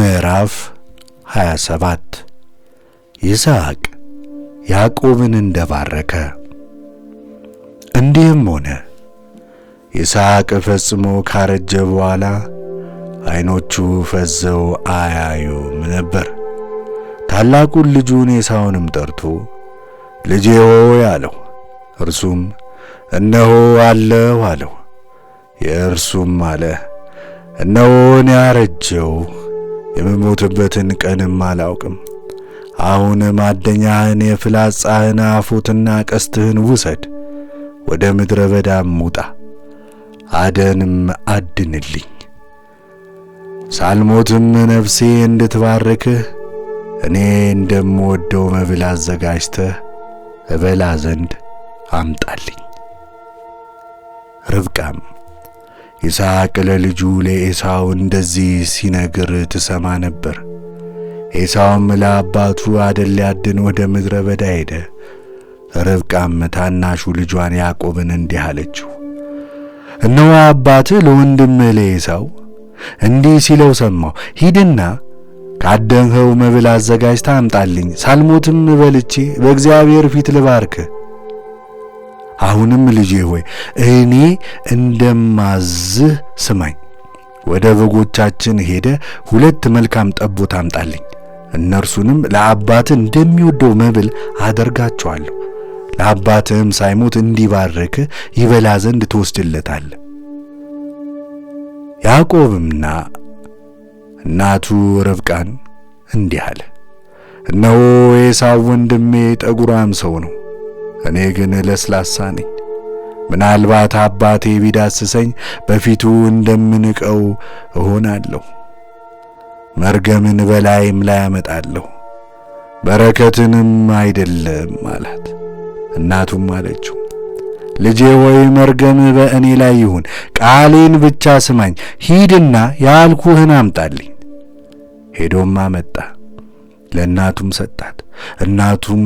ምዕራፍ 27 ይስሐቅ ያዕቆብን እንደባረከ። እንዲህም ሆነ ይስሐቅ ፈጽሞ ካረጀ በኋላ አይኖቹ ፈዘው አያዩም ነበር። ታላቁን ልጁን ኤሳውንም ጠርቶ ልጄ ሆይ አለው። እርሱም እነሆ አለሁ አለው። የእርሱም አለ እነሆ ያረጀው አረጀው የምሞትበትን ቀንም አላውቅም። አሁን ማደኛህን የፍላጻህን አፎትና ቀስትህን ውሰድ፣ ወደ ምድረ በዳም ሙጣ አደንም አድንልኝ። ሳልሞትም ነፍሴ እንድትባርክህ እኔ እንደምወደው መብል አዘጋጅተህ እበላ ዘንድ አምጣልኝ። ርብቃም ይስሐቅ ለልጁ ለኤሳው እንደዚህ ሲነግር ትሰማ ነበር። ኤሳውም ለአባቱ አደል ሊያድን ወደ ምድረ በዳ ሄደ። ርብቃም ታናሹ ልጇን ያዕቆብን እንዲህ አለችው፣ እነሆ አባትህ ለወንድም ለኤሳው እንዲህ ሲለው ሰማሁ። ሂድና ካደንኸው መብል አዘጋጅታ አምጣልኝ፣ ሳልሞትም በልቼ በእግዚአብሔር ፊት ልባርክህ አሁንም ልጄ ሆይ እኔ እንደማዝህ ስማኝ። ወደ በጎቻችን ሄደ ሁለት መልካም ጠቦት አምጣልኝ። እነርሱንም ለአባት እንደሚወደው መብል አደርጋቸዋለሁ። ለአባትህም ሳይሞት እንዲባርክ ይበላ ዘንድ ትወስድለታለህ። ያዕቆብምና እናቱ ርብቃን እንዲህ አለ፣ እነሆ ኤሳው ወንድሜ ጠጉራም ሰው ነው እኔ ግን ለስላሳ ነኝ። ምናልባት አባቴ ቢዳስሰኝ በፊቱ እንደምንቀው እሆናለሁ። መርገምን በላይም ላይ አመጣለሁ በረከትንም አይደለም አላት። እናቱም አለችው ልጄ ሆይ መርገም በእኔ ላይ ይሁን፣ ቃሌን ብቻ ስማኝ። ሂድና ያልኩህን አምጣልኝ። ሄዶም አመጣ። ለእናቱም ሰጣት። እናቱም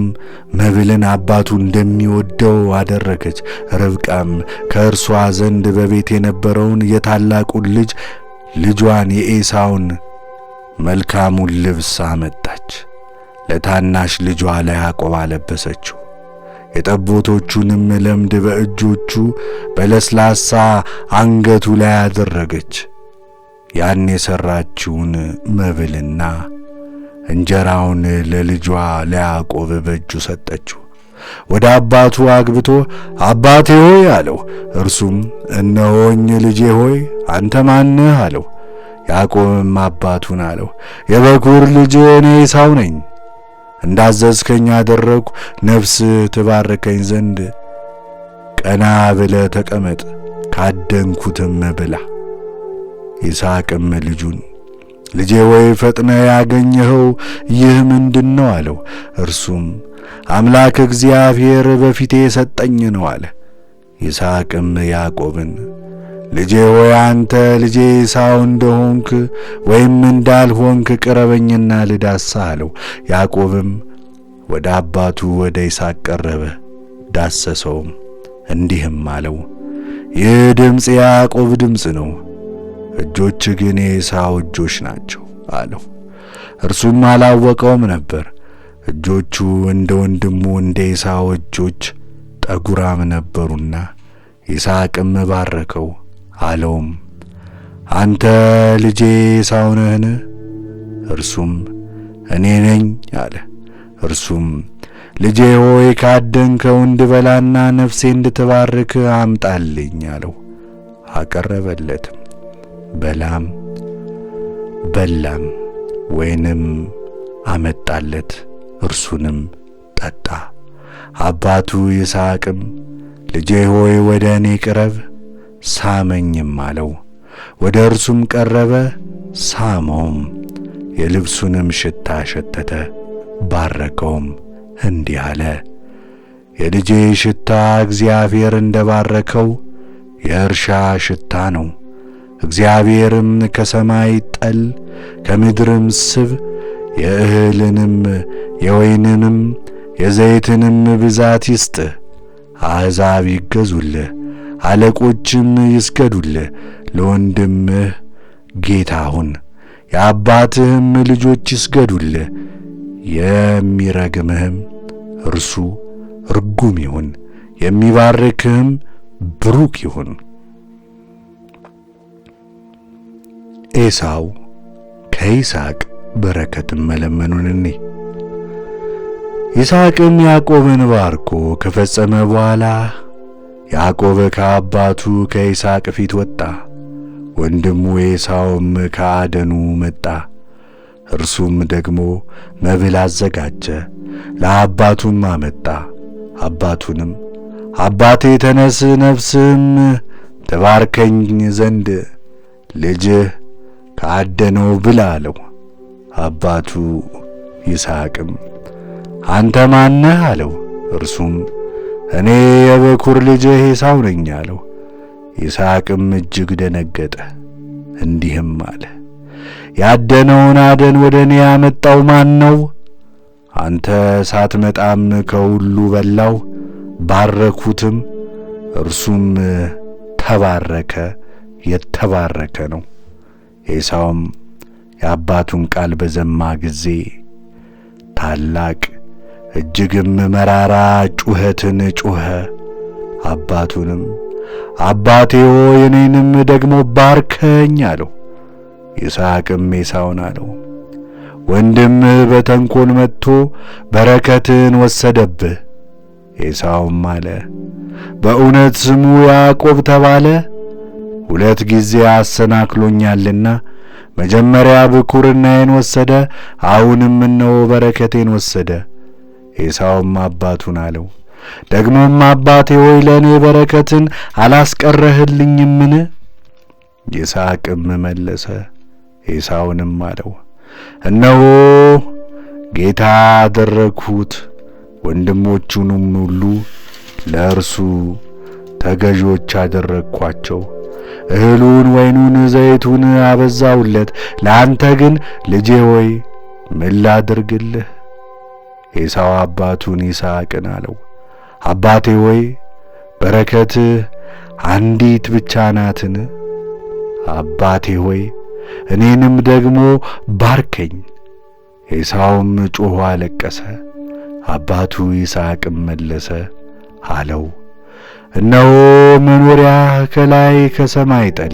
መብልን አባቱ እንደሚወደው አደረገች። ርብቃም ከእርሷ ዘንድ በቤት የነበረውን የታላቁን ልጅ ልጇን የኤሳውን መልካሙን ልብስ አመጣች። ለታናሽ ልጇ ለያዕቆብ አለበሰችው። የጠቦቶቹንም ለምድ በእጆቹ በለስላሳ አንገቱ ላይ አደረገች። ያን የሠራችውን መብልና እንጀራውን ለልጇ ለያዕቆብ በእጁ ሰጠችው። ወደ አባቱ አግብቶ አባቴ ሆይ አለው። እርሱም እነሆኝ ልጄ ሆይ አንተ ማንህ አለው። ያዕቆብም አባቱን አለው የበኩር ልጅ እኔ ኤሳው ነኝ። እንዳዘዝከኝ አደረግሁ። ነፍስህ ትባርከኝ ዘንድ ቀና ብለ ተቀመጥ፣ ካደንኩትም ብላ። ይስሐቅም ልጁን ልጄ ወይ ፈጥነ ያገኘኸው ይህ ምንድን ነው አለው። እርሱም አምላክ እግዚአብሔር በፊቴ የሰጠኝ ነው አለ። ይስሐቅም ያዕቆብን ልጄ ወይ አንተ ልጄ ኤሳው እንደሆንክ ወይም እንዳልሆንክ ቅረበኝና ልዳሳ አለው። ያዕቆብም ወደ አባቱ ወደ ይስሐቅ ቀረበ፣ ዳሰሰውም እንዲህም አለው ይህ ድምፅ የያዕቆብ ድምፅ ነው። እጆች ግን የኤሳው እጆች ናቸው አለው። እርሱም አላወቀውም ነበር። እጆቹ እንደ ወንድሙ እንደ ኤሳው እጆች ጠጉራም ነበሩና፣ ይስሐቅም ባረከው አለውም፣ አንተ ልጄ ኤሳው ነህን? እርሱም እኔ ነኝ አለ። እርሱም ልጄ ሆይ ካደንከው እንድበላና ነፍሴ እንድትባርክ አምጣልኝ አለው። አቀረበለትም። በላም በላም ወይንም አመጣለት እርሱንም ጠጣ። አባቱ ይስሐቅም ልጄ ሆይ ወደ እኔ ቅረብ ሳመኝም አለው። ወደ እርሱም ቀረበ ሳመውም፣ የልብሱንም ሽታ ሸተተ ባረከውም፣ እንዲህ አለ የልጄ ሽታ እግዚአብሔር እንደ ባረከው የእርሻ ሽታ ነው። እግዚአብሔርም ከሰማይ ጠል ከምድርም ስብ የእህልንም የወይንንም የዘይትንም ብዛት ይስጥህ። አሕዛብ ይገዙልህ፣ አለቆችም ይስገዱልህ። ለወንድምህ ጌታ ሁን፣ የአባትህም ልጆች ይስገዱልህ። የሚረግምህም እርሱ ርጉም ይሁን፣ የሚባርክህም ብሩክ ይሁን። ኤሳው ከይስሐቅ በረከትን መለመኑን እኔ ይስሐቅም ያዕቆብን ባርኮ ከፈጸመ በኋላ ያዕቆብ ከአባቱ ከይስሐቅ ፊት ወጣ። ወንድሙ ኤሳውም ከአደኑ መጣ። እርሱም ደግሞ መብል አዘጋጀ፣ ለአባቱም አመጣ። አባቱንም አባቴ ተነስ፣ ነፍስህም ተባርከኝ ዘንድ ልጅህ ከአደነው ብላ አለው። አባቱ ይስሐቅም አንተ ማነህ አለው። እርሱም እኔ የበኩር ልጅህ ኤሳው ነኝ አለው። ይስሐቅም እጅግ ደነገጠ፣ እንዲህም አለ ያደነውን አደን ወደ እኔ ያመጣው ማን ነው? አንተ ሳትመጣም ከሁሉ በላው፣ ባረኩትም፣ እርሱም ተባረከ፣ የተባረከ ነው። ኤሳውም የአባቱን ቃል በዘማ ጊዜ ታላቅ እጅግም መራራ ጩኸትን ጩኸ። አባቱንም አባቴ ሆይ እኔንም ደግሞ ባርከኝ አለው። ይስሐቅም ኤሳውን አለው ወንድምህ በተንኮል መጥቶ በረከትን ወሰደብህ። ኤሳውም አለ በእውነት ስሙ ያዕቆብ ተባለ ሁለት ጊዜ አሰናክሎኛልና መጀመሪያ ብኩርናዬን ወሰደ፣ አሁንም እነሆ በረከቴን ወሰደ። ኤሳውም አባቱን አለው፣ ደግሞም አባቴ ሆይ ለእኔ በረከትን አላስቀረህልኝምን? ይስሐቅም መለሰ፣ ኤሳውንም አለው፣ እነሆ ጌታ አደረግሁት፣ ወንድሞቹንም ሁሉ ለእርሱ ተገዢዎች አደረግኳቸው። እህሉን፣ ወይኑን፣ ዘይቱን አበዛውለት። ለአንተ ግን ልጄ ሆይ ምን ላድርግልህ? ኤሳው አባቱን ይስሐቅን አለው፣ አባቴ ሆይ በረከትህ አንዲት ብቻ ናትን? አባቴ ሆይ እኔንም ደግሞ ባርከኝ። ኤሳውም ጮኾ አለቀሰ። አባቱ ይስሐቅም መለሰ አለው እነሆ መኖሪያ ከላይ ከሰማይ ጠል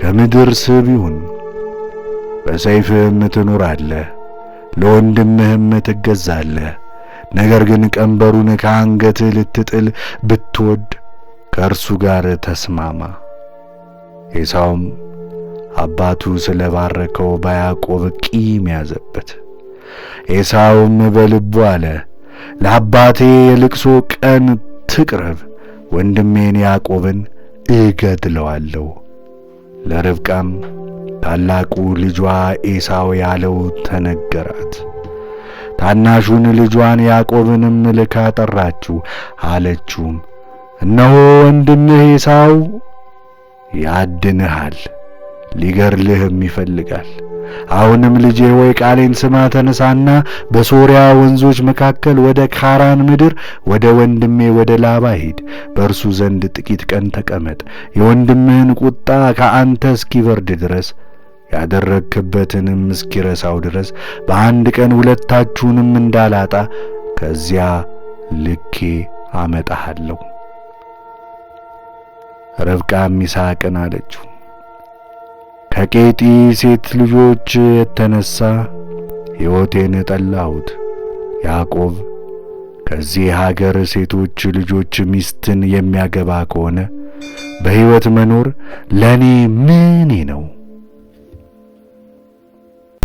ከምድር ስብ ይሁን። በሰይፍህም ትኖራለህ፣ ለወንድምህም ትገዛለህ። ነገር ግን ቀንበሩን ከአንገትህ ልትጥል ብትወድ ከእርሱ ጋር ተስማማ። ኤሳውም አባቱ ስለ ባረከው በያዕቆብ ቂም ያዘበት። ኤሳውም በልቡ አለ፣ ለአባቴ የልቅሶ ቀን ትቅረብ ወንድሜን ያዕቆብን እገድለዋለሁ። ለርብቃም ታላቁ ልጇ ኤሳው ያለው ተነገራት። ታናሹን ልጇን ያዕቆብንም ልካ ጠራችው፣ አለችውም እነሆ ወንድምህ ኤሳው ያድንሃል፣ ሊገርልህም ይፈልጋል አሁንም ልጄ ወይ ቃሌን ስማ፣ ተነሳና በሶርያ ወንዞች መካከል ወደ ካራን ምድር ወደ ወንድሜ ወደ ላባ ሂድ፣ በእርሱ ዘንድ ጥቂት ቀን ተቀመጥ፣ የወንድምህን ቁጣ ከአንተ እስኪበርድ ድረስ ያደረግክበትንም እስኪረሳው ድረስ በአንድ ቀን ሁለታችሁንም እንዳላጣ ከዚያ ልኬ አመጣሃለሁ። ርብቃም ይስሐቅን አለችው ከቄጢ ሴት ልጆች የተነሳ ሕይወቴን ጠላሁት። ያዕቆብ ከዚህ ሀገር ሴቶች ልጆች ሚስትን የሚያገባ ከሆነ በሕይወት መኖር ለእኔ ምን ነው?